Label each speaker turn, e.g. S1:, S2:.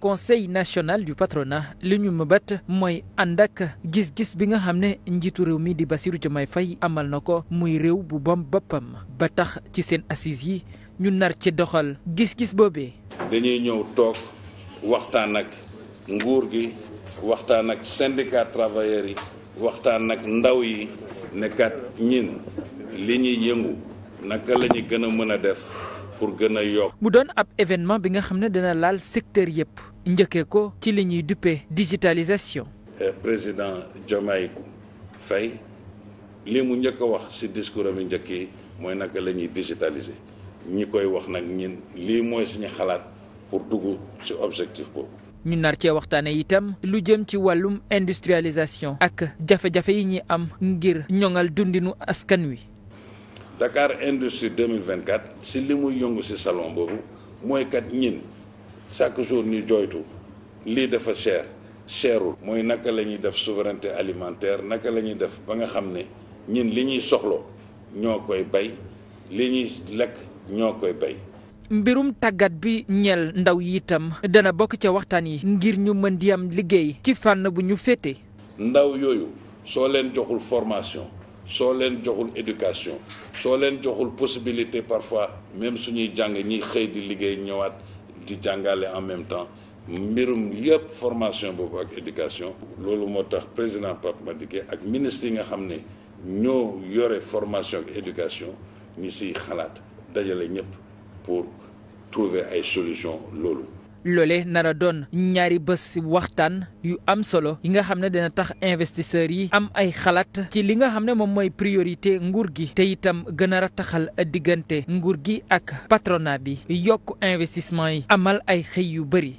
S1: conseil national du patronat li ñu mëbët mooy ànd ak gis-gis bi nga xam ne njiitu réew mi di Bassirou may Faye amal na ko muy réew bu bam boppam ba tax ci seen assises yi ñu nar ci doxal gis-gis boobee.
S2: dañuy ñëw toog waxtaan ak nguur gi waxtaan ak syndicat travailleurs yi waxtaan ak ndaw yi nekkat ñin li ñuy yëngu naka la ñu gën a mën a def. pour gën a yokk.
S1: mu doon ab événement bi nga xam ne dina laal secteur yëpp. njëkkee ko ci li ñuy duppee digitalisation.
S2: Eh, président Diomaye Faye li mu njëkk wax ci discours am njëkk yi mooy naka lañuy digitalisé digitaliser ñi koy wax nag ñun lii mooy suñu xalaat pour dugg ci objectif
S1: boobu. ñu nar cee waxtaane itam lu jëm ci wàllum industrialisation ak jafe-jafe yi ñuy am ngir ñoŋal dundinu askan wi.
S2: Dakar Industrie 2024 ci li muy yëngu ci salon boobu mooy kat ñin chaque jour ñu jooytu lii dafa cher cherul. mooy naka la ñuy def souveraineté alimentaire naka la ñuy def ba nga xam ne ñun li ñuy soxlo ñoo koy bay li ñuy lekk ñoo koy bay.
S1: mbirum tàggat bi ñeel ndaw yi itam dana bokk ca waxtaan yi. ngir ñu mën di am liggéey. ci fànn bu ñu féete.
S2: ndaw yooyu soo leen joxul formation soo leen joxul éducation soo leen joxul possibilité parfois même suñuy jàng ñiy xëy di liggéey ñëwaat. di jàngale en même temps mbirum yëpp formation boobu ak éducation. loolu moo tax président Pape Madické ak ministre yi nga xam ne ñoo yore formation ak éducation ñu si xalaat dajale ñëpp pour trouver ay solution loolu.
S1: loole loolee nara doon ñaari bés waxtaan yu am solo yi nga xam ne dina tax investisseur yi am ay xalaat ci li nga xam ne moom mooy priorité nguur gi te itam gën a rataxal diggante nguur gi ak patronat bi yokk investissement yi amal ay xëy yu bëri